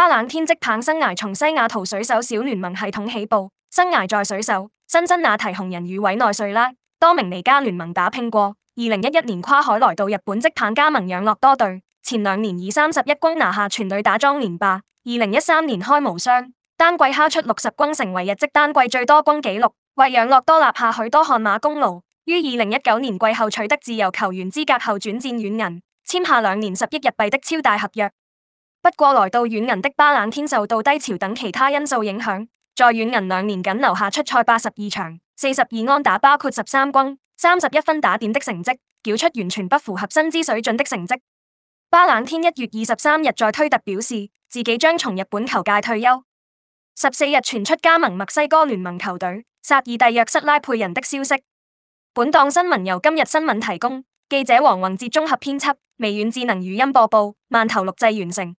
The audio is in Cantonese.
巴冷天職棒生涯從西雅圖水手小聯盟系統起步，生涯在水手、辛辛那提紅人與委內瑞拉多明尼加聯盟打拼過。二零一一年跨海來到日本職棒加盟養樂多隊，前兩年以三十一轟拿下全隊打樁連霸。二零一三年開無雙，單季敲出六十轟，成為日職單季最多轟紀錄，為養樂多立下許多汗馬功勞。於二零一九年季後取得自由球員資格後轉戰軟銀，簽下兩年十億日幣的超大合約。不過來到軟銀的巴冷天受到低潮等其他因素影響，在軟銀兩年僅留下出賽八十二場，四十二安打，包括十三轟，三十一分打點的成績，繳出完全不符合薪資水準的成績。巴冷天一月二十三日在推特表示，自己將從日本球界退休。十四日傳出加盟墨西哥聯盟球隊薩爾蒂約瑟拉佩人的消息。本檔新聞由今日新聞提供，記者黃宏哲綜合編輯，微軟智能語音播報，慢頭錄製完成。